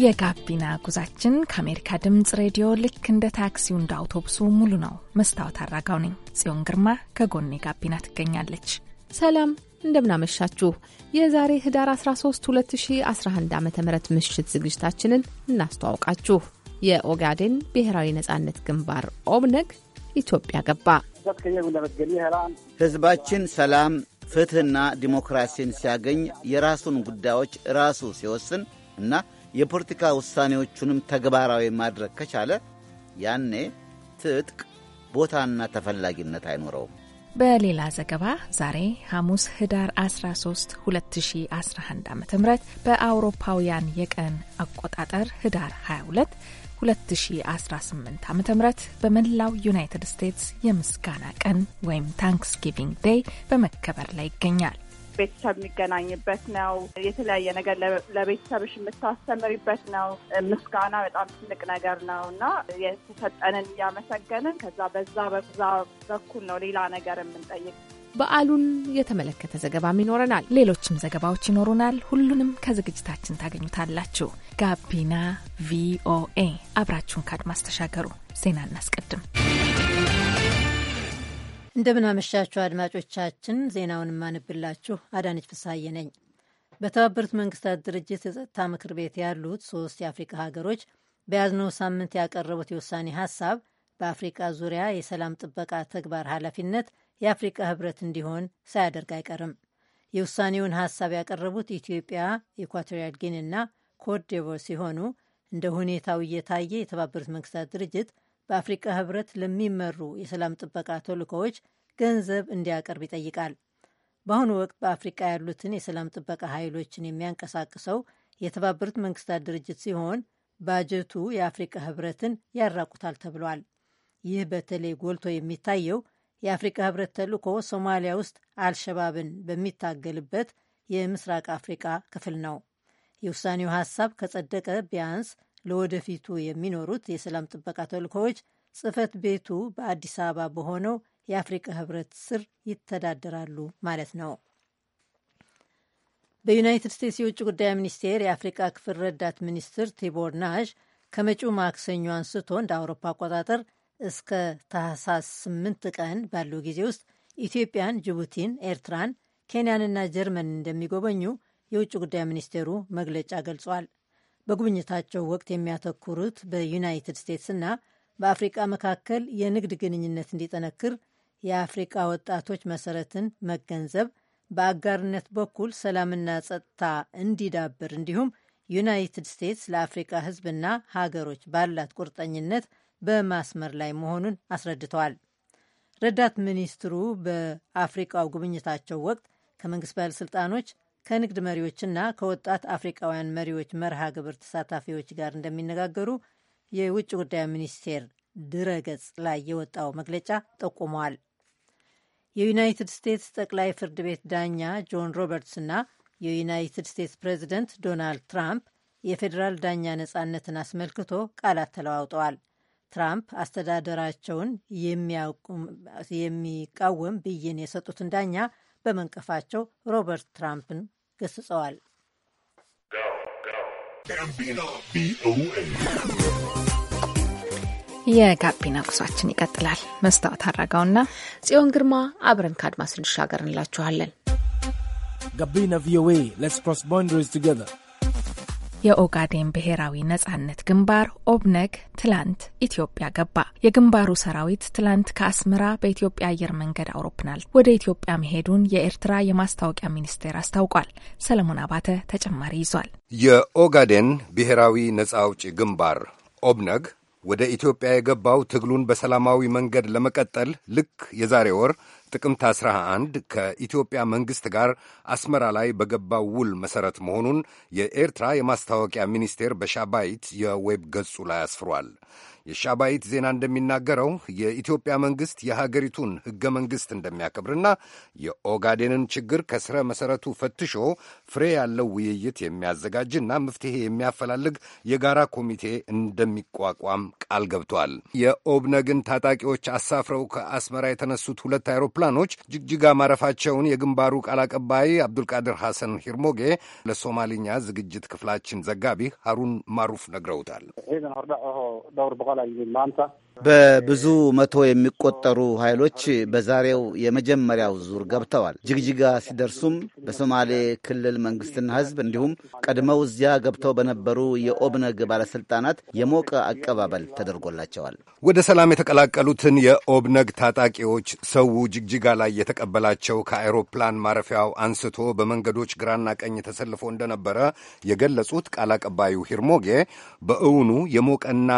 የጋቢና ጉዛችን ከአሜሪካ ድምፅ ሬዲዮ ልክ እንደ ታክሲው እንደ አውቶቡሱ ሙሉ ነው። መስታወት አራጋው ነኝ። ጽዮን ግርማ ከጎኔ ጋቢና ትገኛለች። ሰላም እንደምናመሻችሁ። የዛሬ ህዳር 13 2011 ዓ ም ምሽት ዝግጅታችንን እናስተዋውቃችሁ። የኦጋዴን ብሔራዊ ነጻነት ግንባር ኦብነግ ኢትዮጵያ ገባ። ህዝባችን ሰላም ፍትህና ዲሞክራሲን ሲያገኝ የራሱን ጉዳዮች ራሱ ሲወስን እና የፖለቲካ ውሳኔዎቹንም ተግባራዊ ማድረግ ከቻለ ያኔ ትጥቅ ቦታና ተፈላጊነት አይኖረውም። በሌላ ዘገባ ዛሬ ሐሙስ ህዳር 13 2011 ዓ ም በአውሮፓውያን የቀን አቆጣጠር ህዳር 22 2018 ዓ ም በመላው ዩናይትድ ስቴትስ የምስጋና ቀን ወይም ታንክስጊቪንግ ዴይ በመከበር ላይ ይገኛል። ቤተሰብ የሚገናኝበት ነው። የተለያየ ነገር ለቤተሰብሽ የምታስተምሪበት ነው። ምስጋና በጣም ትልቅ ነገር ነው እና የተሰጠንን እያመሰገንን ከዛ በዛ በዛ በኩል ነው ሌላ ነገር የምንጠይቅ በዓሉን የተመለከተ ዘገባም ይኖረናል። ሌሎችም ዘገባዎች ይኖሩናል። ሁሉንም ከዝግጅታችን ታገኙታላችሁ። ጋቢና ቪኦኤ አብራችሁን ከአድማስ ተሻገሩ። ዜና እናስቀድም። እንደምናመሻችሁ አድማጮቻችን፣ ዜናውን የማንብላችሁ አዳነች ፍሳዬ ነኝ። በተባበሩት መንግስታት ድርጅት የጸጥታ ምክር ቤት ያሉት ሶስት የአፍሪካ ሀገሮች በያዝነው ሳምንት ያቀረቡት የውሳኔ ሀሳብ በአፍሪቃ ዙሪያ የሰላም ጥበቃ ተግባር ኃላፊነት የአፍሪቃ ህብረት እንዲሆን ሳያደርግ አይቀርም። የውሳኔውን ሀሳብ ያቀረቡት ኢትዮጵያ፣ ኢኳቶሪያል ጊኒና እና ዲቮር ሲሆኑ እንደ ሁኔታው እየታየ የተባበሩት መንግስታት ድርጅት በአፍሪቃ ህብረት ለሚመሩ የሰላም ጥበቃ ተልእኮዎች ገንዘብ እንዲያቀርብ ይጠይቃል። በአሁኑ ወቅት በአፍሪቃ ያሉትን የሰላም ጥበቃ ኃይሎችን የሚያንቀሳቅሰው የተባበሩት መንግስታት ድርጅት ሲሆን ባጀቱ የአፍሪቃ ህብረትን ያራቁታል ተብሏል። ይህ በተለይ ጎልቶ የሚታየው የአፍሪካ ህብረት ተልኮ ሶማሊያ ውስጥ አልሸባብን በሚታገልበት የምስራቅ አፍሪቃ ክፍል ነው። የውሳኔው ሀሳብ ከጸደቀ ቢያንስ ለወደፊቱ የሚኖሩት የሰላም ጥበቃ ተልኮዎች ጽህፈት ቤቱ በአዲስ አበባ በሆነው የአፍሪቃ ህብረት ስር ይተዳደራሉ ማለት ነው። በዩናይትድ ስቴትስ የውጭ ጉዳይ ሚኒስቴር የአፍሪቃ ክፍል ረዳት ሚኒስትር ቲቦር ናዥ ከመጪው ማክሰኞ አንስቶ እንደ አውሮፓ አቆጣጠር እስከ ታህሳስ 8 ቀን ባለው ጊዜ ውስጥ ኢትዮጵያን፣ ጅቡቲን፣ ኤርትራን፣ ኬንያንና ጀርመን እንደሚጎበኙ የውጭ ጉዳይ ሚኒስቴሩ መግለጫ ገልጿል። በጉብኝታቸው ወቅት የሚያተኩሩት በዩናይትድ ስቴትስና በአፍሪቃ መካከል የንግድ ግንኙነት እንዲጠነክር የአፍሪቃ ወጣቶች መሰረትን መገንዘብ፣ በአጋርነት በኩል ሰላምና ጸጥታ እንዲዳብር እንዲሁም ዩናይትድ ስቴትስ ለአፍሪቃ ሕዝብና ሀገሮች ባላት ቁርጠኝነት በማስመር ላይ መሆኑን አስረድተዋል። ረዳት ሚኒስትሩ በአፍሪቃው ጉብኝታቸው ወቅት ከመንግስት ባለሥልጣኖች፣ ከንግድ መሪዎችና ከወጣት አፍሪቃውያን መሪዎች መርሃ ግብር ተሳታፊዎች ጋር እንደሚነጋገሩ የውጭ ጉዳይ ሚኒስቴር ድረገጽ ላይ የወጣው መግለጫ ጠቁመዋል። የዩናይትድ ስቴትስ ጠቅላይ ፍርድ ቤት ዳኛ ጆን ሮበርትስና የዩናይትድ ስቴትስ ፕሬዚደንት ዶናልድ ትራምፕ የፌዴራል ዳኛ ነጻነትን አስመልክቶ ቃላት ተለዋውጠዋል። ትራምፕ አስተዳደራቸውን የሚቃወም ብይን የሰጡትን ዳኛ በመንቀፋቸው ሮበርት ትራምፕን ገስጸዋል። የጋቢና ጉዟችን ይቀጥላል። መስታወት አራጋውና ጽዮን ግርማ አብረን ከአድማስ ስንሻገር እንላችኋለን። ጋቢና ቪኦኤ ሌትስ ክሮስ ቦንደሪስ ቱጌዘር የኦጋዴን ብሔራዊ ነጻነት ግንባር ኦብነግ ትላንት ኢትዮጵያ ገባ። የግንባሩ ሰራዊት ትላንት ከአስመራ በኢትዮጵያ አየር መንገድ አውሮፕላን ወደ ኢትዮጵያ መሄዱን የኤርትራ የማስታወቂያ ሚኒስቴር አስታውቋል። ሰለሞን አባተ ተጨማሪ ይዟል። የኦጋዴን ብሔራዊ ነጻ አውጪ ግንባር ኦብነግ ወደ ኢትዮጵያ የገባው ትግሉን በሰላማዊ መንገድ ለመቀጠል ልክ የዛሬ ወር ጥቅምት 11 ከኢትዮጵያ መንግሥት ጋር አስመራ ላይ በገባው ውል መሠረት መሆኑን የኤርትራ የማስታወቂያ ሚኒስቴር በሻባይት የዌብ ገጹ ላይ አስፍሯል። የሻባይት ዜና እንደሚናገረው የኢትዮጵያ መንግሥት የሀገሪቱን ሕገ መንግሥት እንደሚያከብርና የኦጋዴንን ችግር ከስረ መሠረቱ ፈትሾ ፍሬ ያለው ውይይት የሚያዘጋጅና መፍትሔ የሚያፈላልግ የጋራ ኮሚቴ እንደሚቋቋም ቃል ገብቷል። የኦብነግን ታጣቂዎች አሳፍረው ከአስመራ የተነሱት ሁለት አይሮፕላኖች ጅግጅጋ ማረፋቸውን የግንባሩ ቃል አቀባይ አብዱልቃድር ሐሰን ሂርሞጌ ለሶማሊኛ ዝግጅት ክፍላችን ዘጋቢ ሀሩን ማሩፍ ነግረውታል። in limemanta በብዙ መቶ የሚቆጠሩ ኃይሎች በዛሬው የመጀመሪያው ዙር ገብተዋል። ጅግጅጋ ሲደርሱም በሶማሌ ክልል መንግስትና ሕዝብ እንዲሁም ቀድመው እዚያ ገብተው በነበሩ የኦብነግ ባለስልጣናት የሞቀ አቀባበል ተደርጎላቸዋል። ወደ ሰላም የተቀላቀሉትን የኦብነግ ታጣቂዎች ሰው ጅግጅጋ ላይ የተቀበላቸው ከአውሮፕላን ማረፊያው አንስቶ በመንገዶች ግራና ቀኝ ተሰልፎ እንደነበረ የገለጹት ቃል አቀባዩ ሂርሞጌ በእውኑ የሞቀና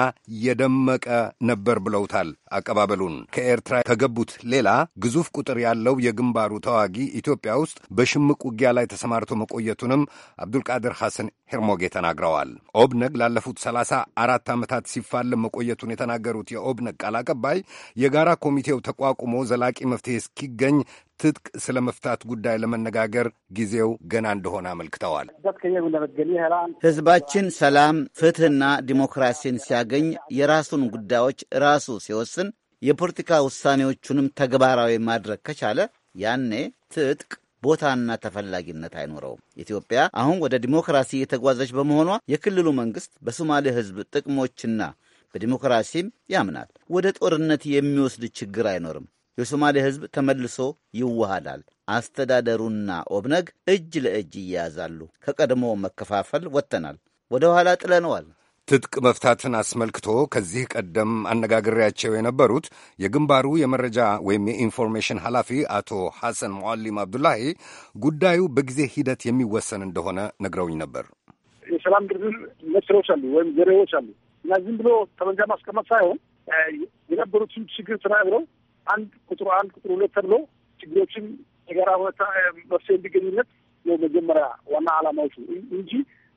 የደመቀ ነበር ነበር ብለውታል። አቀባበሉን ከኤርትራ ከገቡት ሌላ ግዙፍ ቁጥር ያለው የግንባሩ ተዋጊ ኢትዮጵያ ውስጥ በሽምቅ ውጊያ ላይ ተሰማርቶ መቆየቱንም አብዱልቃድር ሐሰን ሄርሞጌ ተናግረዋል። ኦብነግ ላለፉት ሰላሳ አራት ዓመታት ሲፋለም መቆየቱን የተናገሩት የኦብነግ ቃል አቀባይ የጋራ ኮሚቴው ተቋቁሞ ዘላቂ መፍትሄ እስኪገኝ ትጥቅ ስለ መፍታት ጉዳይ ለመነጋገር ጊዜው ገና እንደሆነ አመልክተዋል። ሕዝባችን ሰላም፣ ፍትሕና ዲሞክራሲን ሲያገኝ የራሱን ጉዳዮች ራሱ ሲወስን የፖለቲካ ውሳኔዎቹንም ተግባራዊ ማድረግ ከቻለ ያኔ ትጥቅ ቦታና ተፈላጊነት አይኖረውም። ኢትዮጵያ አሁን ወደ ዲሞክራሲ የተጓዘች በመሆኗ የክልሉ መንግሥት በሶማሌ ሕዝብ ጥቅሞችና በዲሞክራሲም ያምናል። ወደ ጦርነት የሚወስድ ችግር አይኖርም። የሶማሌ ሕዝብ ተመልሶ ይዋሃላል። አስተዳደሩና ኦብነግ እጅ ለእጅ ይያያዛሉ። ከቀድሞ መከፋፈል ወጥተናል፣ ወደ ኋላ ጥለነዋል። ትጥቅ መፍታትን አስመልክቶ ከዚህ ቀደም አነጋግሬያቸው የነበሩት የግንባሩ የመረጃ ወይም የኢንፎርሜሽን ኃላፊ አቶ ሐሰን ሙዓሊም አብዱላሂ ጉዳዩ በጊዜ ሂደት የሚወሰን እንደሆነ ነግረውኝ ነበር። የሰላም ድርድር መስሮች አሉ ወይም ዘሬዎች አሉ እና ዝም ብሎ ጠመንጃ ማስቀመጥ ሳይሆን የነበሩትን ችግር ተናግረው አንድ ቁጥሩ አንድ ቁጥሩ ሁለት ተብሎ ችግሮችን የጋራ ሁኔታ መፍትሄ እንዲገኙነት ነው መጀመሪያ ዋና አላማዎቹ እንጂ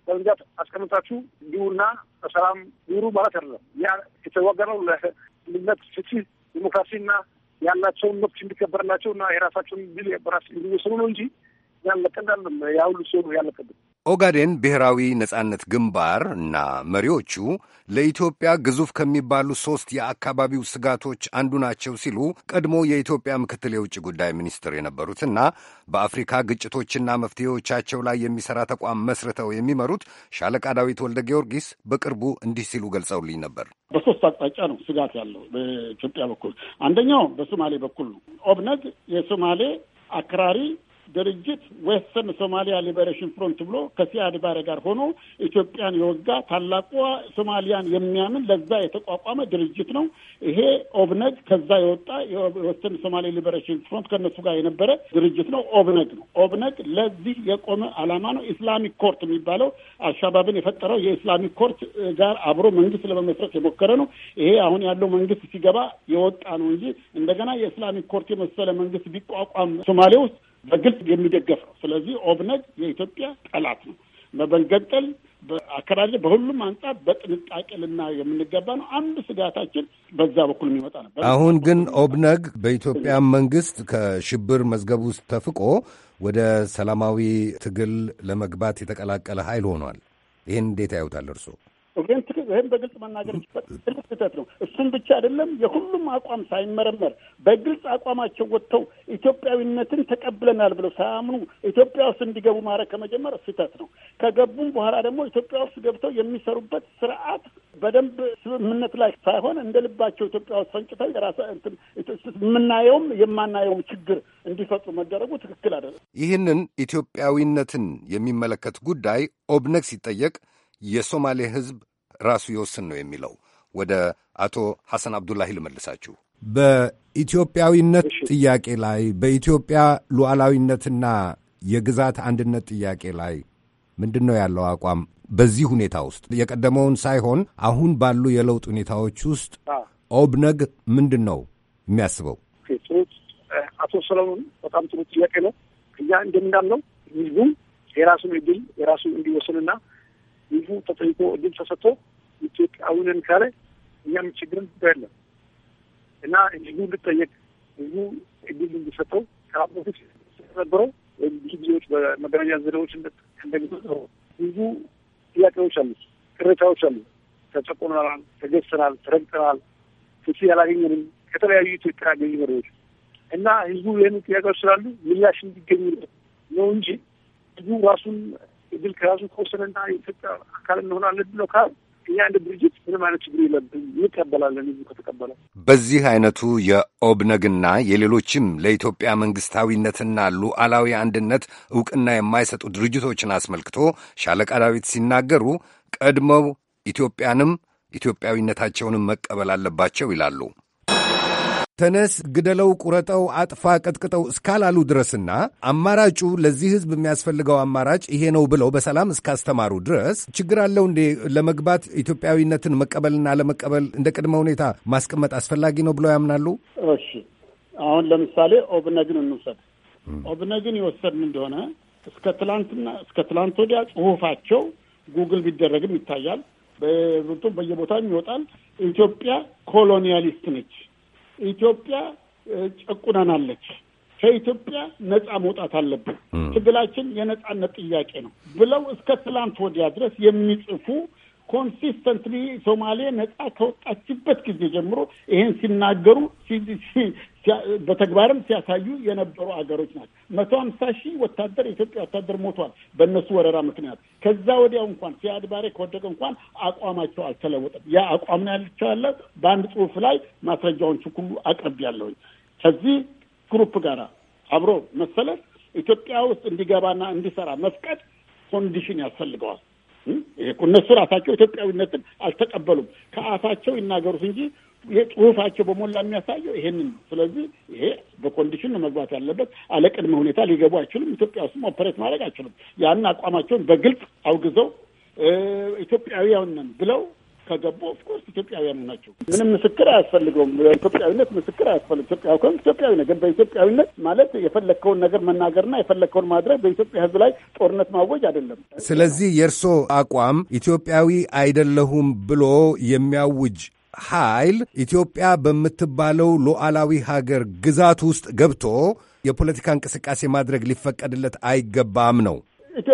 በብዛት አስቀምጣችሁ እንዲሁና በሰላም ኑሩ ማለት አይደለም። ያ የተዋገነው ለልነት ፍትህ፣ ዲሞክራሲና ያላቸውን መብት እንዲከበርላቸው እና የራሳቸውን ቢል በራስ እንዲወስኑ ነው እንጂ ያለቀን ያሁሉ ሲሆኑ ያለቀብን ኦጋዴን ብሔራዊ ነጻነት ግንባር እና መሪዎቹ ለኢትዮጵያ ግዙፍ ከሚባሉ ሦስት የአካባቢው ስጋቶች አንዱ ናቸው ሲሉ ቀድሞ የኢትዮጵያ ምክትል የውጭ ጉዳይ ሚኒስትር የነበሩትና በአፍሪካ ግጭቶችና መፍትሄዎቻቸው ላይ የሚሠራ ተቋም መስርተው የሚመሩት ሻለቃ ዳዊት ወልደ ጊዮርጊስ በቅርቡ እንዲህ ሲሉ ገልጸውልኝ ነበር። በሶስት አቅጣጫ ነው ስጋት ያለው በኢትዮጵያ በኩል አንደኛው በሶማሌ በኩል ነው። ኦብነግ የሶማሌ አክራሪ ድርጅት ዌስተርን ሶማሊያ ሊበሬሽን ፍሮንት ብሎ ከሲያድ ባሬ ጋር ሆኖ ኢትዮጵያን የወጋ ታላቋ ሶማሊያን የሚያምን ለዛ የተቋቋመ ድርጅት ነው። ይሄ ኦብነግ ከዛ የወጣ የዌስተርን ሶማሌ ሊበሬሽን ፍሮንት ከነሱ ጋር የነበረ ድርጅት ነው። ኦብነግ ነው። ኦብነግ ለዚህ የቆመ አላማ ነው። ኢስላሚክ ኮርት የሚባለው አልሻባብን የፈጠረው የኢስላሚክ ኮርት ጋር አብሮ መንግስት ለመመስረት የሞከረ ነው። ይሄ አሁን ያለው መንግስት ሲገባ የወጣ ነው እንጂ እንደገና የኢስላሚክ ኮርት የመሰለ መንግስት ቢቋቋም ሶማሌ ውስጥ በግልጽ የሚደገፍ ነው። ስለዚህ ኦብነግ የኢትዮጵያ ጠላት ነው። መበንገጠል አከራለ በሁሉም አንጻር በጥንቃቄ ልና የምንገባ ነው። አንድ ስጋታችን በዛ በኩል የሚመጣ ነበር። አሁን ግን ኦብነግ በኢትዮጵያ መንግስት ከሽብር መዝገብ ውስጥ ተፍቆ ወደ ሰላማዊ ትግል ለመግባት የተቀላቀለ ኃይል ሆኗል። ይህን እንዴት ያዩታል እርስዎ? ይህም በግልጽ መናገር ትልቅ ስህተት ነው። እሱም ብቻ አይደለም፣ የሁሉም አቋም ሳይመረመር በግልጽ አቋማቸው ወጥተው ኢትዮጵያዊነትን ተቀብለናል ብለው ሳያምኑ ኢትዮጵያ ውስጥ እንዲገቡ ማድረግ ከመጀመር ስህተት ነው። ከገቡም በኋላ ደግሞ ኢትዮጵያ ውስጥ ገብተው የሚሰሩበት ስርዓት በደንብ ስምምነት ላይ ሳይሆን እንደ ልባቸው ኢትዮጵያ ውስጥ ፈንጭተው የራሳ የምናየውም የማናየውም ችግር እንዲፈጡ መደረጉ ትክክል አይደለም። ይህንን ኢትዮጵያዊነትን የሚመለከት ጉዳይ ኦብነግ ሲጠየቅ የሶማሌ ሕዝብ ራሱ ይወስን ነው የሚለው። ወደ አቶ ሐሰን አብዱላሂ ልመልሳችሁ። በኢትዮጵያዊነት ጥያቄ ላይ በኢትዮጵያ ሉዓላዊነትና የግዛት አንድነት ጥያቄ ላይ ምንድን ነው ያለው አቋም? በዚህ ሁኔታ ውስጥ የቀደመውን ሳይሆን አሁን ባሉ የለውጥ ሁኔታዎች ውስጥ ኦብነግ ምንድን ነው የሚያስበው? አቶ ሰለሞን በጣም ጥሩ ጥያቄ ነው። እኛ እንደምናምነው ህዝቡ የራሱን እድል የራሱ እንዲወስንና ህዝቡ ተጠይቆ እድል ተሰጥቶ ኢትዮጵያዊንን ካለ እኛም ችግርን ያለን እና ህዝቡ እንድጠየቅ ህዝቡ እግል እንዲሰጠው ከአሁን በፊት ወይም ብዙ ጊዜዎች በመገናኛ ዘዴዎች እንደሚጠሩ ብዙ ጥያቄዎች አሉ፣ ቅሬታዎች አሉ። ተጨቆነናል፣ ተገዝተናል፣ ተረግጠናል፣ ፍትህ ያላገኘንም ከተለያዩ ኢትዮጵያ ያገኙ መሪዎች እና ህዝቡ ይህን ጥያቄዎች ስላሉ ምላሽ እንዲገኙ ነው እንጂ ህዝቡ ራሱን እድል ከራሱ ከወሰነና የኢትዮጵያ አካል እንሆናለን ብለው ካል እኛ እንደ ድርጅት ምንም አይነት ችግር የለብን፣ እንቀበላለን። ህዝቡ ከተቀበለ በዚህ አይነቱ የኦብነግና የሌሎችም ለኢትዮጵያ መንግስታዊነትና ሉዓላዊ አንድነት እውቅና የማይሰጡ ድርጅቶችን አስመልክቶ ሻለቃ ዳዊት ሲናገሩ ቀድመው ኢትዮጵያንም ኢትዮጵያዊነታቸውንም መቀበል አለባቸው ይላሉ። ተነስ፣ ግደለው፣ ቁረጠው፣ አጥፋ፣ ቀጥቅጠው እስካላሉ ድረስና አማራጩ ለዚህ ህዝብ የሚያስፈልገው አማራጭ ይሄ ነው ብለው በሰላም እስካስተማሩ ድረስ ችግር አለው እንዴ? ለመግባት ኢትዮጵያዊነትን መቀበልና ለመቀበል እንደ ቅድመ ሁኔታ ማስቀመጥ አስፈላጊ ነው ብለው ያምናሉ? እሺ፣ አሁን ለምሳሌ ኦብነግን እንውሰድ። ኦብነግን የወሰድን እንደሆነ እስከ ትላንትና እስከ ትላንት ወዲያ ጽሁፋቸው ጉግል ቢደረግም ይታያል። በየቦታም ይወጣል። ኢትዮጵያ ኮሎኒያሊስት ነች ኢትዮጵያ ጨቁነናለች፣ ከኢትዮጵያ ነጻ መውጣት አለብን፣ ትግላችን የነጻነት ጥያቄ ነው ብለው እስከ ትላንት ወዲያ ድረስ የሚጽፉ ኮንሲስተንትሊ ሶማሌ ነጻ ከወጣችበት ጊዜ ጀምሮ ይሄን ሲናገሩ በተግባርም ሲያሳዩ የነበሩ አገሮች ናቸው። መቶ ሀምሳ ሺህ ወታደር የኢትዮጵያ ወታደር ሞቷል በእነሱ ወረራ ምክንያት። ከዛ ወዲያው እንኳን ሲያድ ባሬ ከወደቀ እንኳን አቋማቸው አልተለወጠም። ያ አቋም ነው ያልቻለው። በአንድ ጽሁፍ ላይ ማስረጃዎቹ ሁሉ አቅርብ ያለውኝ ከዚህ ግሩፕ ጋር አብሮ መሰለፍ ኢትዮጵያ ውስጥ እንዲገባና እንዲሰራ መፍቀድ ኮንዲሽን ያስፈልገዋል። እነሱ ራሳቸው ኢትዮጵያዊነትን አልተቀበሉም። ከአፋቸው ይናገሩት እንጂ ጽሁፋቸው በሞላ የሚያሳየው ይሄንን ነው። ስለዚህ ይሄ በኮንዲሽን መግባት ያለበት አለቅድመ ሁኔታ ሊገቡ አይችሉም። ኢትዮጵያ ውስጥም ኦፐሬት ማድረግ አይችሉም። ያን አቋማቸውን በግልጽ አውግዘው ኢትዮጵያውያን ነን ብለው ከገቡ ኦፍኮርስ ኢትዮጵያውያን ናቸው። ምንም ምስክር አያስፈልገውም። ኢትዮጵያዊነት ምስክር አያስፈልግ ኢትዮጵያ ከሆን ኢትዮጵያዊ ነገር በኢትዮጵያዊነት ማለት የፈለግከውን ነገር መናገርና የፈለግከውን ማድረግ በኢትዮጵያ ሕዝብ ላይ ጦርነት ማወጅ አይደለም። ስለዚህ የእርስዎ አቋም ኢትዮጵያዊ አይደለሁም ብሎ የሚያውጅ ኃይል ኢትዮጵያ በምትባለው ሉዓላዊ ሀገር ግዛት ውስጥ ገብቶ የፖለቲካ እንቅስቃሴ ማድረግ ሊፈቀድለት አይገባም ነው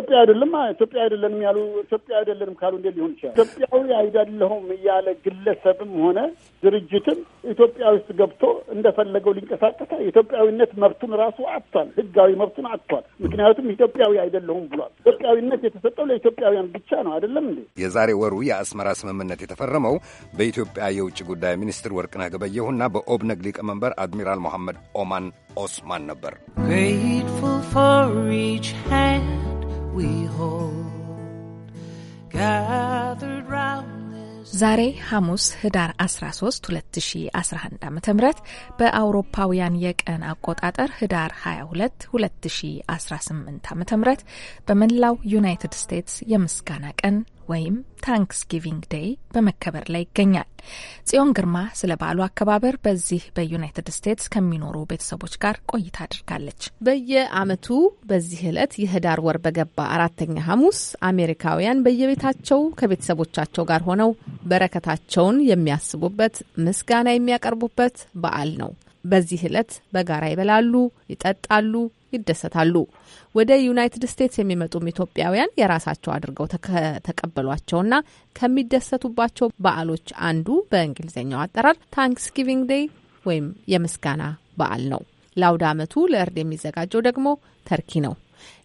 ኢትዮጵያ አይደለም ኢትዮጵያ አይደለንም ያሉ ኢትዮጵያ አይደለንም ካሉ እንዴት ሊሆን ይችላል? ኢትዮጵያዊ አይደለሁም እያለ ግለሰብም ሆነ ድርጅትም ኢትዮጵያ ውስጥ ገብቶ እንደፈለገው ሊንቀሳቀሳ ኢትዮጵያዊነት መብቱን ራሱ አጥቷል። ህጋዊ መብቱን አጥቷል። ምክንያቱም ኢትዮጵያዊ አይደለሁም ብሏል። ኢትዮጵያዊነት የተሰጠው ለኢትዮጵያውያን ብቻ ነው አይደለም እንዴ? የዛሬ ወሩ የአስመራ ስምምነት የተፈረመው በኢትዮጵያ የውጭ ጉዳይ ሚኒስትር ወርቅነህ ገበየሁና በኦብነግ ሊቀመንበር አድሚራል ሞሐመድ ኦማን ኦስማን ነበር። ዛሬ ሐሙስ ህዳር 13 2011 ዓ ም በአውሮፓውያን የቀን አቆጣጠር ህዳር 22 2018 ዓ ም በመላው ዩናይትድ ስቴትስ የምስጋና ቀን ወይም ታንክስጊቪንግ ዴይ በመከበር ላይ ይገኛል። ጽዮን ግርማ ስለ በዓሉ አከባበር በዚህ በዩናይትድ ስቴትስ ከሚኖሩ ቤተሰቦች ጋር ቆይታ አድርጋለች። በየዓመቱ በዚህ ዕለት የህዳር ወር በገባ አራተኛ ሐሙስ አሜሪካውያን በየቤታቸው ከቤተሰቦቻቸው ጋር ሆነው በረከታቸውን የሚያስቡበት፣ ምስጋና የሚያቀርቡበት በዓል ነው። በዚህ ዕለት በጋራ ይበላሉ፣ ይጠጣሉ፣ ይደሰታሉ። ወደ ዩናይትድ ስቴትስ የሚመጡም ኢትዮጵያውያን የራሳቸው አድርገው ከተቀበሏቸውና ከሚደሰቱባቸው በዓሎች አንዱ በእንግሊዝኛው አጠራር ታንክስጊቪንግ ዴይ ወይም የምስጋና በዓል ነው። ለአውደ ዓመቱ ለእርድ የሚዘጋጀው ደግሞ ተርኪ ነው።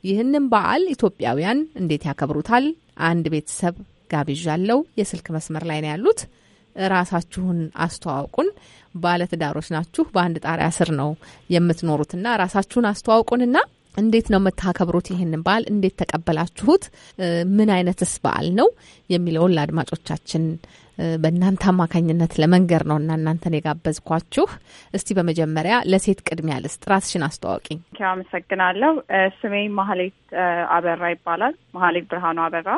ይህንን በዓል ኢትዮጵያውያን እንዴት ያከብሩታል? አንድ ቤተሰብ ጋብዣ አለው። የስልክ መስመር ላይ ነው ያሉት። ራሳችሁን አስተዋውቁን። ባለትዳሮች ናችሁ፣ በአንድ ጣሪያ ስር ነው የምትኖሩትና ራሳችሁን አስተዋውቁንና እንዴት ነው የምታከብሩት? ይህንን በዓል እንዴት ተቀበላችሁት? ምን አይነትስ በዓል ነው የሚለውን ለአድማጮቻችን በእናንተ አማካኝነት ለመንገር ነው እና እናንተን የጋበዝኳችሁ። እስቲ በመጀመሪያ ለሴት ቅድሚያ ልስጥ፣ ራስሽን አስተዋውቂኝ። አመሰግናለሁ። ስሜ ማህሌት አበራ ይባላል። ማህሌት ብርሃኑ አበራ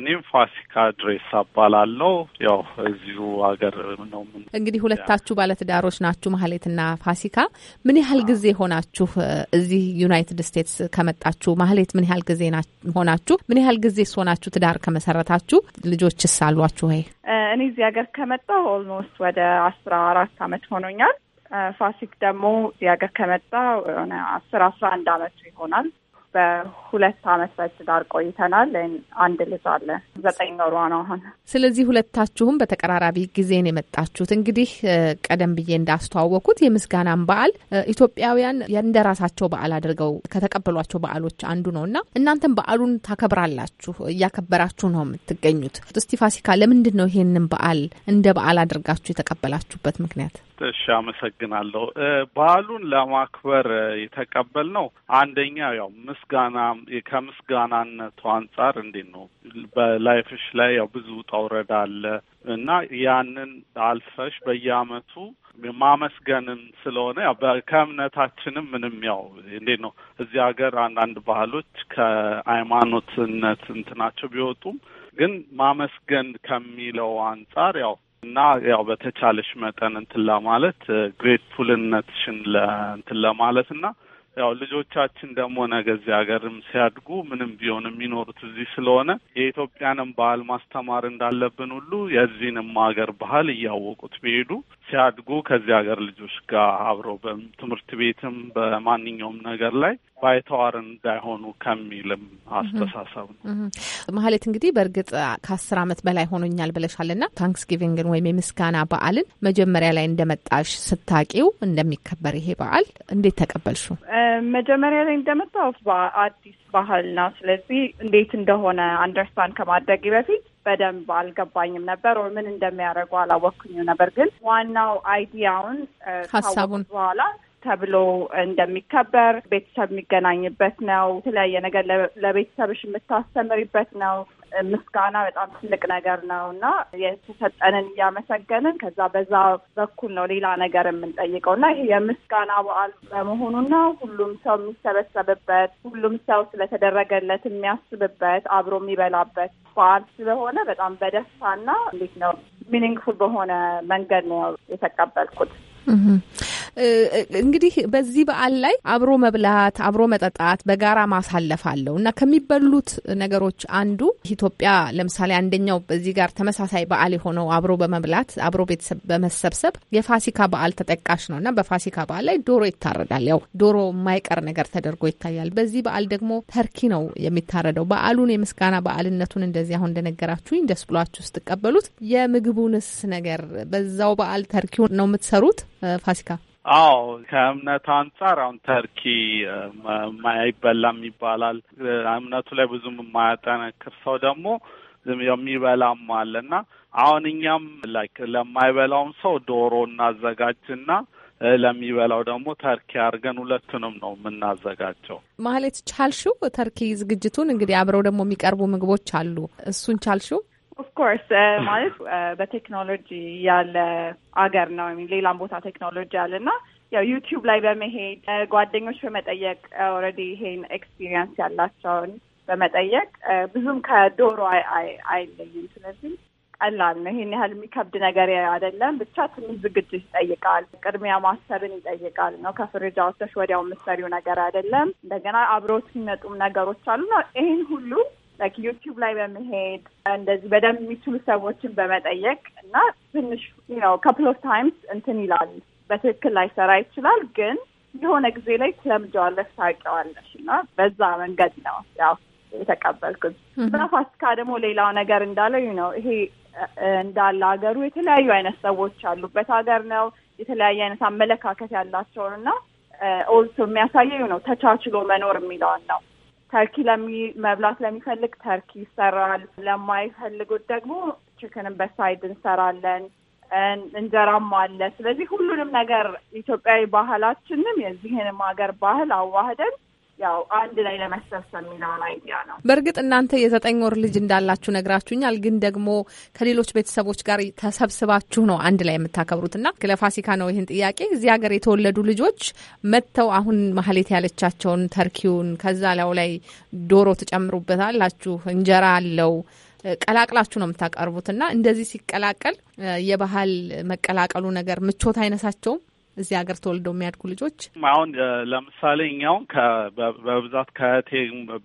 እኔም ፋሲካ ድሬስ አባላለው ያው እዚሁ ሀገር ነው። እንግዲህ ሁለታችሁ ባለትዳሮች ናችሁ ማህሌትና ፋሲካ። ምን ያህል ጊዜ ሆናችሁ እዚህ ዩናይትድ ስቴትስ ከመጣችሁ? ማህሌት ምን ያህል ጊዜ ሆናችሁ? ምን ያህል ጊዜ ሆናችሁ ትዳር ከመሰረታችሁ? ልጆችስ አሏችሁ ወይ? እኔ እዚህ ሀገር ከመጣሁ ኦልሞስት ወደ አስራ አራት አመት ሆኖኛል። ፋሲክ ደግሞ እዚህ ሀገር ከመጣ የሆነ አስር አስራ አንድ አመቱ ይሆናል። በሁለት አመት በትዳር ቆይተናል። አንድ ልጅ አለ። ዘጠኝ ወሯ ነው አሁን። ስለዚህ ሁለታችሁም በተቀራራቢ ጊዜን የመጣችሁት እንግዲህ ቀደም ብዬ እንዳስተዋወቁት የምስጋናን በዓል ኢትዮጵያውያን እንደራሳቸው በዓል አድርገው ከተቀበሏቸው በዓሎች አንዱ ነው እና እናንተም በዓሉን ታከብራላችሁ፣ እያከበራችሁ ነው የምትገኙት። እስቲ ፋሲካ፣ ለምንድን ነው ይሄንን በዓል እንደ በዓል አድርጋችሁ የተቀበላችሁበት ምክንያት? እሺ፣ አመሰግናለሁ። በዓሉን ለማክበር የተቀበል ነው አንደኛ ያው ከምስጋና ከምስጋናነቱ አንጻር እንዴት ነው በላይፍሽ ላይ ያው ብዙ ውጣ ውረድ አለ እና ያንን አልፈሽ በየአመቱ ማመስገንም ስለሆነ ያው ከእምነታችንም ምንም ያው እንዴት ነው እዚህ ሀገር አንዳንድ ባህሎች ከሃይማኖትነት እንትናቸው ቢወጡም ግን ማመስገን ከሚለው አንጻር ያው እና ያው በተቻለሽ መጠን እንትን ለማለት ግሬትፉልነትሽን ለእንትን ለማለት እና ያው ልጆቻችን ደግሞ ነገ እዚህ ሀገርም ሲያድጉ ምንም ቢሆን የሚኖሩት እዚህ ስለሆነ የኢትዮጵያንም ባህል ማስተማር እንዳለብን ሁሉ የዚህንም ሀገር ባህል እያወቁት ቢሄዱ ሲያድጉ ከዚህ ሀገር ልጆች ጋር አብረው በትምህርት ቤትም በማንኛውም ነገር ላይ ባይተዋር እንዳይሆኑ ከሚልም አስተሳሰብ ነው። ማህሌት እንግዲህ በእርግጥ ከአስር አመት በላይ ሆኖኛል ብለሻል ና ታንክስጊቪንግን ወይም የምስጋና በዓልን መጀመሪያ ላይ እንደመጣሽ ስታቂው እንደሚከበር ይሄ በዓል እንዴት ተቀበልሹ? መጀመሪያ ላይ እንደመጣው አዲስ ባህል ና ስለዚህ እንዴት እንደሆነ አንደርስታንድ ከማድረግ በፊት በደንብ አልገባኝም ነበር፣ ምን እንደሚያደርጉ አላወቅኩኝም ነበር። ግን ዋናው አይዲያውን ሀሳቡን በኋላ ተብሎ እንደሚከበር ቤተሰብ የሚገናኝበት ነው። የተለያየ ነገር ለቤተሰብሽ የምታስተምሪበት ነው። ምስጋና በጣም ትልቅ ነገር ነው እና የተሰጠንን እያመሰገንን ከዛ በዛ በኩል ነው ሌላ ነገር የምንጠይቀው እና ይሄ የምስጋና በዓል በመሆኑና ሁሉም ሰው የሚሰበሰብበት ሁሉም ሰው ስለተደረገለት የሚያስብበት አብሮ የሚበላበት በዓል ስለሆነ በጣም በደስታና እንዴት ነው ሚኒንግፉል በሆነ መንገድ ነው የተቀበልኩት። እንግዲህ በዚህ በዓል ላይ አብሮ መብላት፣ አብሮ መጠጣት፣ በጋራ ማሳለፍ አለው እና ከሚበሉት ነገሮች አንዱ ኢትዮጵያ ለምሳሌ አንደኛው በዚህ ጋር ተመሳሳይ በዓል የሆነው አብሮ በመብላት አብሮ ቤተሰብ በመሰብሰብ የፋሲካ በዓል ተጠቃሽ ነው እና በፋሲካ በዓል ላይ ዶሮ ይታረዳል። ያው ዶሮ የማይቀር ነገር ተደርጎ ይታያል። በዚህ በዓል ደግሞ ተርኪ ነው የሚታረደው። በዓሉን የምስጋና በዓልነቱን እንደዚህ አሁን እንደነገራችሁኝ ደስ ብሏችሁ ስትቀበሉት የምግቡንስ ነገር በዛው በዓል ተርኪውን ነው የምትሰሩት ፋሲካ አዎ ከእምነት አንጻር አሁን ተርኪ ማይበላም ይባላል። እምነቱ ላይ ብዙም የማያጠነክር ሰው ደግሞ የሚበላም አለና አሁን እኛም ላይክ ለማይበላውም ሰው ዶሮ እናዘጋጅና ለሚበላው ደግሞ ተርኪ አድርገን ሁለቱንም ነው የምናዘጋጀው። ማህሌት ቻልሹ ተርኪ ዝግጅቱን እንግዲህ አብረው ደግሞ የሚቀርቡ ምግቦች አሉ። እሱን ቻልሹ ኦፍኮርስ uh, hmm. ማለት uh, በቴክኖሎጂ ያለ አገር ነው። ሌላም ቦታ ቴክኖሎጂ አለ እና ያው ዩቲዩብ ላይ በመሄድ uh, ጓደኞች በመጠየቅ ኦልሬዲ ይሄን ኤክስፒሪየንስ ያላቸውን በመጠየቅ ብዙም ከዶሮ አይለይም። ስለዚህ ቀላል ነው። ይሄን ያህል የሚከብድ ነገር አይደለም። ብቻ ትንሽ ዝግጅት ይጠይቃል። ቅድሚያ ማሰብን ይጠይቃል ነው ከፍርጃ አውጥተሽ ወዲያው የምትሰሪው ነገር አይደለም። እንደገና አብሮት የሚመጡም ነገሮች አሉ። ይሄን ሁሉ ላይክ ዩቲዩብ ላይ በመሄድ እንደዚህ በደንብ የሚችሉ ሰዎችን በመጠየቅ እና ትንሽ ነው ካፕል ኦፍ ታይምስ እንትን ይላል። በትክክል ላይ ሰራ ይችላል ግን የሆነ ጊዜ ላይ ትለምጃዋለሽ፣ ታውቂዋለሽ እና በዛ መንገድ ነው ያው የተቀበልኩት። እዛ ፋሲካ ደግሞ ሌላው ነገር እንዳለው ነው ይሄ እንዳለ ሀገሩ የተለያዩ አይነት ሰዎች አሉበት ሀገር ነው። የተለያየ አይነት አመለካከት ያላቸውን እና ኦልሶ የሚያሳየው ነው ተቻችሎ መኖር የሚለውን ነው ተርኪ መብላት ለሚፈልግ ተርኪ ይሰራል። ለማይፈልጉት ደግሞ ችክንን በሳይድ እንሰራለን። እንጀራም አለ። ስለዚህ ሁሉንም ነገር ኢትዮጵያዊ ባህላችንም የዚህንም ሀገር ባህል አዋህደን ያው አንድ ላይ ለመሰብሰብ የሚለውን አይዲያ ነው። በእርግጥ እናንተ የዘጠኝ ወር ልጅ እንዳላችሁ ነግራችሁኛል። ግን ደግሞ ከሌሎች ቤተሰቦች ጋር ተሰብስባችሁ ነው አንድ ላይ የምታከብሩት እና ለፋሲካ ነው ይህን ጥያቄ እዚህ ሀገር የተወለዱ ልጆች መጥተው አሁን ማህሌት ያለቻቸውን ተርኪውን ከዛ ላው ላይ ዶሮ ትጨምሩበታላችሁ፣ እንጀራ አለው ቀላቅላችሁ ነው የምታቀርቡት እና እንደዚህ ሲቀላቀል የባህል መቀላቀሉ ነገር ምቾት አይነሳቸውም? እዚህ ሀገር ተወልደው የሚያድጉ ልጆች? አሁን ለምሳሌ እኛውን በብዛት ከእህቴ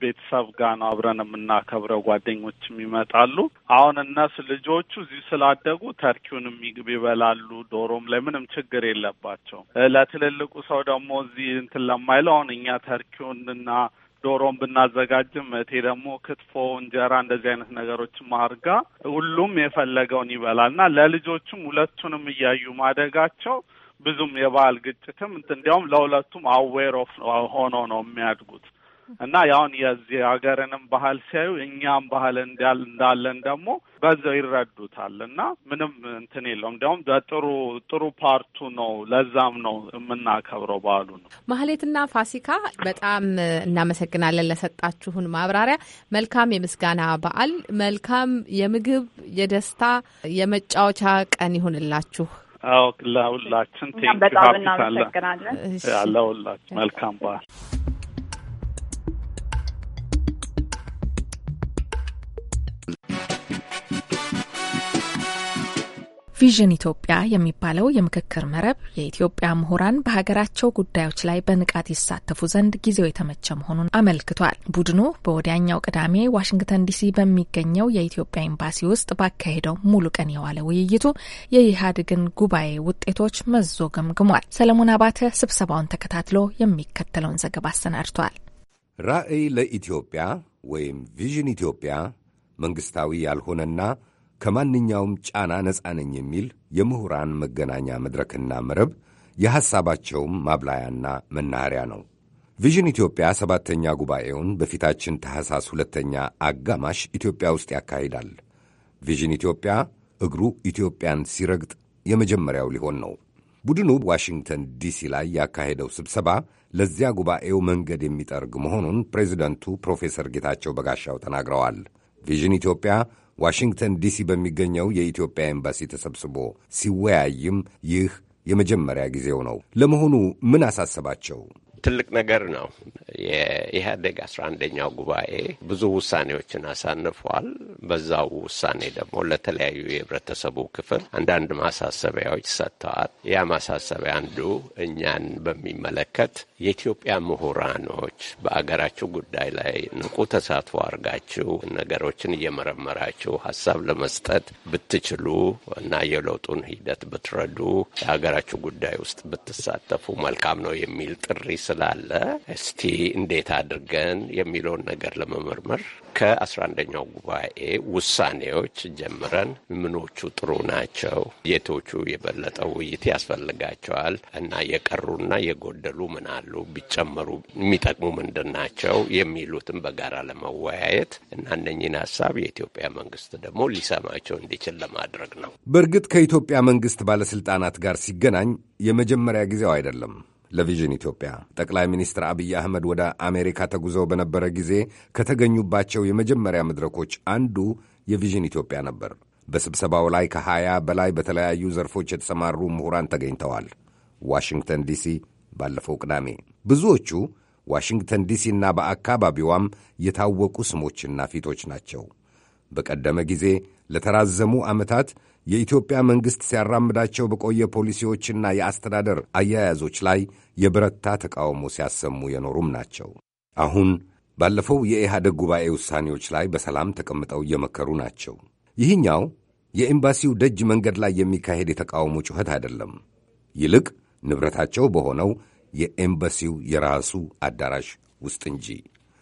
ቤተሰብ ጋር ነው አብረን የምናከብረው። ጓደኞችም ይመጣሉ። አሁን እነሱ ልጆቹ እዚ ስላደጉ ተርኪውን ምግብ ይበላሉ። ዶሮም ላይ ምንም ችግር የለባቸውም። ለትልልቁ ሰው ደግሞ እዚህ እንትን ለማይለው አሁን እኛ ተርኪውንና ዶሮን ብናዘጋጅም እቴ ደግሞ ክትፎ፣ እንጀራ እንደዚህ አይነት ነገሮች ማርጋ ሁሉም የፈለገውን ይበላል እና ለልጆቹም ሁለቱንም እያዩ ማደጋቸው ብዙም የባህል ግጭትም እንዲያውም ለሁለቱም አዌር ኦፍ ሆኖ ነው የሚያድጉት እና ያሁን የዚህ ሀገርንም ባህል ሲያዩ እኛም ባህል እንዲያል እንዳለን ደግሞ በዛው ይረዱታል እና ምንም እንትን የለውም። እንዲያውም በጥሩ ጥሩ ፓርቱ ነው። ለዛም ነው የምናከብረው በዓሉ ነው። ማህሌትና ፋሲካ በጣም እናመሰግናለን ለሰጣችሁን ማብራሪያ። መልካም የምስጋና በዓል፣ መልካም የምግብ የደስታ የመጫወቻ ቀን ይሁንላችሁ። አዎ ለሁላችን ቴንክ እናመሰግናለን። ለሁላችን መልካም በዓል ቪዥን ኢትዮጵያ የሚባለው የምክክር መረብ የኢትዮጵያ ምሁራን በሀገራቸው ጉዳዮች ላይ በንቃት ይሳተፉ ዘንድ ጊዜው የተመቸ መሆኑን አመልክቷል። ቡድኑ በወዲያኛው ቅዳሜ ዋሽንግተን ዲሲ በሚገኘው የኢትዮጵያ ኤምባሲ ውስጥ ባካሄደው ሙሉ ቀን የዋለ ውይይቱ የኢህአዴግን ጉባኤ ውጤቶች መዞ ገምግሟል። ሰለሞን አባተ ስብሰባውን ተከታትሎ የሚከተለውን ዘገባ አሰናድቷል። ራዕይ ለኢትዮጵያ ወይም ቪዥን ኢትዮጵያ መንግስታዊ ያልሆነና ከማንኛውም ጫና ነጻ ነኝ የሚል የምሁራን መገናኛ መድረክና መረብ የሐሳባቸውም ማብላያና መናኸሪያ ነው። ቪዥን ኢትዮጵያ ሰባተኛ ጉባኤውን በፊታችን ተሐሳስ ሁለተኛ አጋማሽ ኢትዮጵያ ውስጥ ያካሂዳል። ቪዥን ኢትዮጵያ እግሩ ኢትዮጵያን ሲረግጥ የመጀመሪያው ሊሆን ነው። ቡድኑ ዋሽንግተን ዲሲ ላይ ያካሄደው ስብሰባ ለዚያ ጉባኤው መንገድ የሚጠርግ መሆኑን ፕሬዚደንቱ ፕሮፌሰር ጌታቸው በጋሻው ተናግረዋል። ቪዥን ኢትዮጵያ ዋሽንግተን ዲሲ በሚገኘው የኢትዮጵያ ኤምባሲ ተሰብስቦ ሲወያይም ይህ የመጀመሪያ ጊዜው ነው። ለመሆኑ ምን አሳሰባቸው? ትልቅ ነገር ነው። የኢህአዴግ አስራ አንደኛው ጉባኤ ብዙ ውሳኔዎችን አሳንፏል። በዛው ውሳኔ ደግሞ ለተለያዩ የህብረተሰቡ ክፍል አንዳንድ ማሳሰቢያዎች ሰጥተዋል። ያ ማሳሰቢያ አንዱ እኛን በሚመለከት የኢትዮጵያ ምሁራኖች በአገራችሁ ጉዳይ ላይ ንቁ ተሳትፎ አድርጋችሁ ነገሮችን እየመረመራችሁ ሀሳብ ለመስጠት ብትችሉ እና የለውጡን ሂደት ብትረዱ የሀገራችሁ ጉዳይ ውስጥ ብትሳተፉ መልካም ነው የሚል ጥሪ ስላለ እስቲ እንዴት አድርገን የሚለውን ነገር ለመመርመር ከአስራ አንደኛው ጉባኤ ውሳኔዎች ጀምረን ምኖቹ ጥሩ ናቸው፣ የቶቹ የበለጠ ውይይት ያስፈልጋቸዋል እና የቀሩና የጎደሉ ምን አሉ፣ ቢጨመሩ የሚጠቅሙ ምንድን ናቸው የሚሉትን በጋራ ለመወያየት እና እነኝን ሀሳብ የኢትዮጵያ መንግስት ደግሞ ሊሰማቸው እንዲችል ለማድረግ ነው። በእርግጥ ከኢትዮጵያ መንግስት ባለስልጣናት ጋር ሲገናኝ የመጀመሪያ ጊዜው አይደለም። ለቪዥን ኢትዮጵያ ጠቅላይ ሚኒስትር አብይ አህመድ ወደ አሜሪካ ተጉዘው በነበረ ጊዜ ከተገኙባቸው የመጀመሪያ መድረኮች አንዱ የቪዥን ኢትዮጵያ ነበር። በስብሰባው ላይ ከሀያ በላይ በተለያዩ ዘርፎች የተሰማሩ ምሁራን ተገኝተዋል። ዋሽንግተን ዲሲ ባለፈው ቅዳሜ ብዙዎቹ ዋሽንግተን ዲሲና በአካባቢዋም የታወቁ ስሞችና ፊቶች ናቸው። በቀደመ ጊዜ ለተራዘሙ ዓመታት የኢትዮጵያ መንግሥት ሲያራምዳቸው በቆየ ፖሊሲዎችና የአስተዳደር አያያዞች ላይ የበረታ ተቃውሞ ሲያሰሙ የኖሩም ናቸው። አሁን ባለፈው የኢህአደግ ጉባኤ ውሳኔዎች ላይ በሰላም ተቀምጠው እየመከሩ ናቸው። ይህኛው የኤምባሲው ደጅ መንገድ ላይ የሚካሄድ የተቃውሞ ጩኸት አይደለም። ይልቅ ንብረታቸው በሆነው የኤምባሲው የራሱ አዳራሽ ውስጥ እንጂ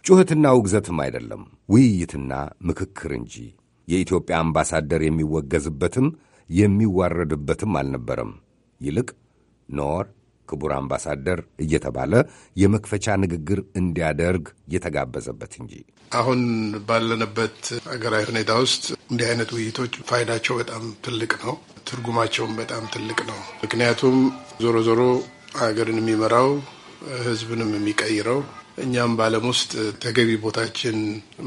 ጩኸትና ውግዘትም አይደለም፣ ውይይትና ምክክር እንጂ። የኢትዮጵያ አምባሳደር የሚወገዝበትም የሚዋረድበትም አልነበረም። ይልቅ ኖር ክቡር አምባሳደር እየተባለ የመክፈቻ ንግግር እንዲያደርግ የተጋበዘበት እንጂ አሁን ባለንበት ሀገራዊ ሁኔታ ውስጥ እንዲህ አይነት ውይይቶች ፋይዳቸው በጣም ትልቅ ነው። ትርጉማቸውም በጣም ትልቅ ነው። ምክንያቱም ዞሮ ዞሮ ሀገርን የሚመራው ህዝብንም የሚቀይረው እኛም በዓለም ውስጥ ተገቢ ቦታችን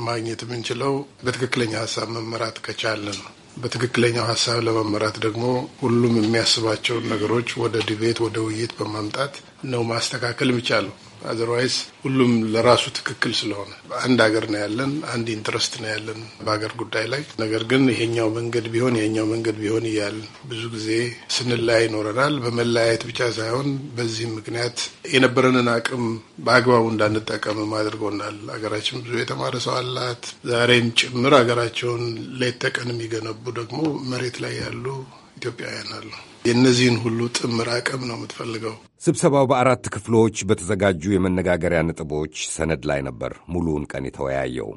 ማግኘት የምንችለው በትክክለኛ ሀሳብ መመራት ከቻለ ነው። በትክክለኛው ሀሳብ ለመመራት ደግሞ ሁሉም የሚያስባቸውን ነገሮች ወደ ዲቤት ወደ ውይይት በማምጣት ነው ማስተካከል የሚቻለው። አዘርዋይስ ሁሉም ለራሱ ትክክል ስለሆነ አንድ ሀገር ነው ያለን፣ አንድ ኢንትረስት ነው ያለን በሀገር ጉዳይ ላይ። ነገር ግን ይሄኛው መንገድ ቢሆን ይሄኛው መንገድ ቢሆን እያል ብዙ ጊዜ ስንለያይ ይኖረናል። በመለያየት ብቻ ሳይሆን በዚህም ምክንያት የነበረንን አቅም በአግባቡ እንዳንጠቀምም አድርጎናል። ሀገራችን ብዙ የተማረ ሰው አላት። ዛሬም ጭምር ሀገራቸውን ሌት ተቀን የሚገነቡ ደግሞ መሬት ላይ ያሉ ኢትዮጵያውያን አሉ። የእነዚህን ሁሉ ጥምር አቅም ነው የምትፈልገው። ስብሰባው በአራት ክፍሎች በተዘጋጁ የመነጋገሪያ ነጥቦች ሰነድ ላይ ነበር ሙሉውን ቀን የተወያየው።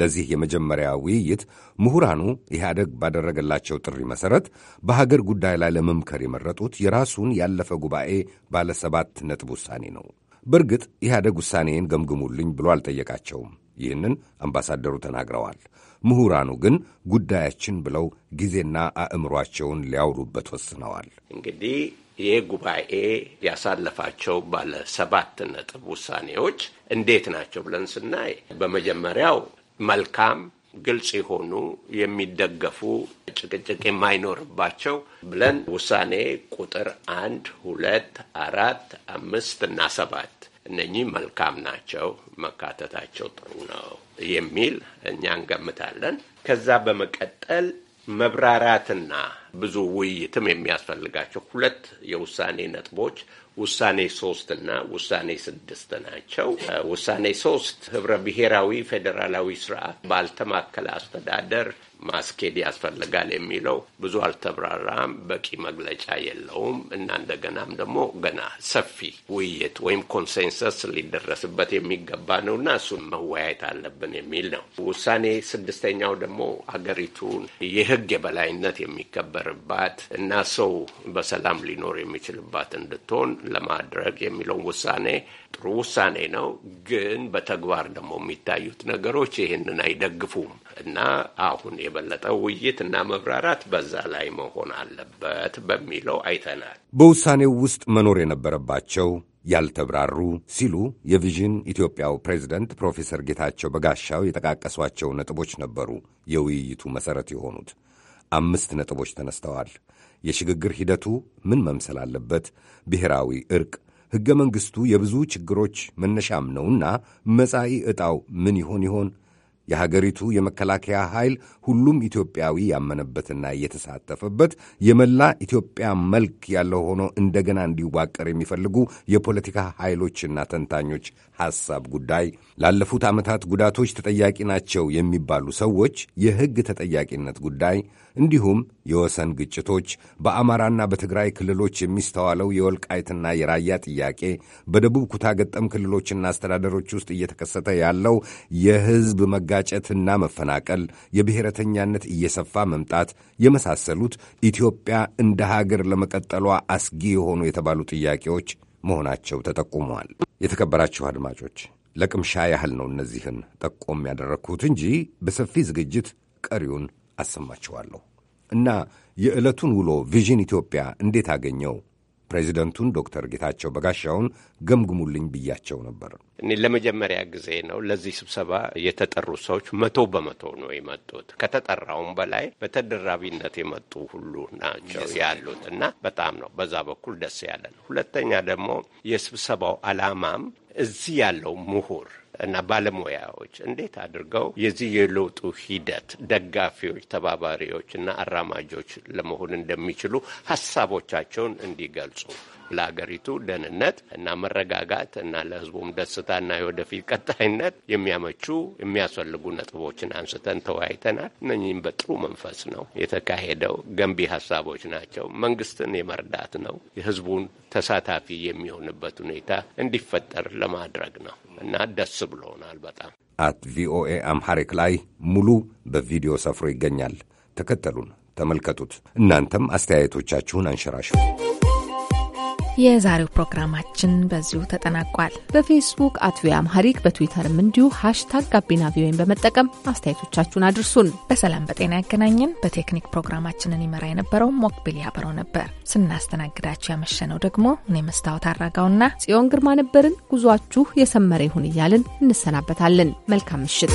ለዚህ የመጀመሪያ ውይይት ምሁራኑ ኢህአደግ ባደረገላቸው ጥሪ መሠረት በሀገር ጉዳይ ላይ ለመምከር የመረጡት የራሱን ያለፈ ጉባኤ ባለ ሰባት ነጥብ ውሳኔ ነው። በእርግጥ ኢህአደግ ውሳኔን ገምግሙልኝ ብሎ አልጠየቃቸውም። ይህንን አምባሳደሩ ተናግረዋል። ምሁራኑ ግን ጉዳያችን ብለው ጊዜና አእምሯቸውን ሊያውሉበት ወስነዋል። እንግዲህ ይህ ጉባኤ ያሳለፋቸው ባለ ሰባት ነጥብ ውሳኔዎች እንዴት ናቸው ብለን ስናይ በመጀመሪያው መልካም ግልጽ የሆኑ የሚደገፉ ጭቅጭቅ የማይኖርባቸው ብለን ውሳኔ ቁጥር አንድ ሁለት አራት አምስት እና ሰባት እነኚህ መልካም ናቸው፣ መካተታቸው ጥሩ ነው የሚል እኛ እንገምታለን። ከዛ በመቀጠል መብራራትና ብዙ ውይይትም የሚያስፈልጋቸው ሁለት የውሳኔ ነጥቦች ውሳኔ ሶስት እና ውሳኔ ስድስት ናቸው። ውሳኔ ሶስት ህብረ ብሔራዊ ፌዴራላዊ ስርዓት ባልተማከለ አስተዳደር ማስኬድ ያስፈልጋል የሚለው ብዙ አልተብራራም፣ በቂ መግለጫ የለውም እና እንደገናም ደግሞ ገና ሰፊ ውይይት ወይም ኮንሴንሰስ ሊደረስበት የሚገባ ነው እና እሱን መወያየት አለብን የሚል ነው ውሳኔ። ስድስተኛው ደግሞ አገሪቱን የህግ የበላይነት የሚከበርባት እና ሰው በሰላም ሊኖር የሚችልባት እንድትሆን ለማድረግ የሚለውን ውሳኔ ጥሩ ውሳኔ ነው። ግን በተግባር ደግሞ የሚታዩት ነገሮች ይህንን አይደግፉም እና አሁን የበለጠ ውይይት እና መብራራት በዛ ላይ መሆን አለበት በሚለው አይተናል። በውሳኔው ውስጥ መኖር የነበረባቸው ያልተብራሩ ሲሉ የቪዥን ኢትዮጵያው ፕሬዝደንት ፕሮፌሰር ጌታቸው በጋሻው የጠቃቀሷቸው ነጥቦች ነበሩ የውይይቱ መሠረት የሆኑት። አምስት ነጥቦች ተነስተዋል። የሽግግር ሂደቱ ምን መምሰል አለበት፣ ብሔራዊ ዕርቅ ሕገ መንግሥቱ የብዙ ችግሮች መነሻም ነውና መጻኢ ዕጣው ምን ይሆን ይሆን? የሀገሪቱ የመከላከያ ኃይል ሁሉም ኢትዮጵያዊ ያመነበትና እየተሳተፈበት የመላ ኢትዮጵያ መልክ ያለው ሆኖ እንደገና እንዲዋቀር የሚፈልጉ የፖለቲካ ኃይሎችና ተንታኞች ሐሳብ ጉዳይ ላለፉት ዓመታት ጉዳቶች ተጠያቂ ናቸው የሚባሉ ሰዎች የሕግ ተጠያቂነት ጉዳይ እንዲሁም የወሰን ግጭቶች፣ በአማራና በትግራይ ክልሎች የሚስተዋለው የወልቃይትና የራያ ጥያቄ፣ በደቡብ ኩታ ገጠም ክልሎችና አስተዳደሮች ውስጥ እየተከሰተ ያለው የሕዝብ መጋጨትና መፈናቀል፣ የብሔረተኛነት እየሰፋ መምጣት የመሳሰሉት ኢትዮጵያ እንደ ሀገር ለመቀጠሏ አስጊ የሆኑ የተባሉ ጥያቄዎች መሆናቸው ተጠቁመዋል። የተከበራችሁ አድማጮች ለቅምሻ ያህል ነው እነዚህን ጠቆም ያደረግኩት እንጂ በሰፊ ዝግጅት ቀሪውን አሰማችኋለሁ እና የዕለቱን ውሎ ቪዥን ኢትዮጵያ እንዴት አገኘው ፕሬዚደንቱን ዶክተር ጌታቸው በጋሻውን ገምግሙልኝ ብያቸው ነበር። እኔ ለመጀመሪያ ጊዜ ነው ለዚህ ስብሰባ የተጠሩ ሰዎች መቶ በመቶ ነው የመጡት። ከተጠራውም በላይ በተደራቢነት የመጡ ሁሉ ናቸው ያሉት እና በጣም ነው በዛ በኩል ደስ ያለን። ሁለተኛ ደግሞ የስብሰባው አላማም እዚህ ያለው ምሁር እና ባለሙያዎች እንዴት አድርገው የዚህ የለውጡ ሂደት ደጋፊዎች፣ ተባባሪዎች እና አራማጆች ለመሆን እንደሚችሉ ሀሳቦቻቸውን እንዲገልጹ ለሀገሪቱ ደህንነት እና መረጋጋት እና ለህዝቡም ደስታና የወደፊት ቀጣይነት የሚያመቹ የሚያስፈልጉ ነጥቦችን አንስተን ተወያይተናል። እነኚህም በጥሩ መንፈስ ነው የተካሄደው። ገንቢ ሀሳቦች ናቸው። መንግስትን የመርዳት ነው። የህዝቡን ተሳታፊ የሚሆንበት ሁኔታ እንዲፈጠር ለማድረግ ነው እና ደስ ብሎናል በጣም። አት ቪኦኤ አምሐሪክ ላይ ሙሉ በቪዲዮ ሰፍሮ ይገኛል። ተከተሉን፣ ተመልከቱት። እናንተም አስተያየቶቻችሁን አንሸራሽሩ። የዛሬው ፕሮግራማችን በዚሁ ተጠናቋል። በፌስቡክ አት ቪኦኤ አምሃሪክ በትዊተርም እንዲሁ ሃሽታግ ጋቢና ቪኦኤን በመጠቀም አስተያየቶቻችሁን አድርሱን። በሰላም በጤና ያገናኘን። በቴክኒክ ፕሮግራማችንን ይመራ የነበረው ሞክቢል ያበረው ነበር። ስናስተናግዳችሁ ያመሸነው ደግሞ እኔ መስታወት አራጋውና ጽዮን ግርማ ነበርን። ጉዟችሁ የሰመረ ይሁን እያልን እንሰናበታለን። መልካም ምሽት።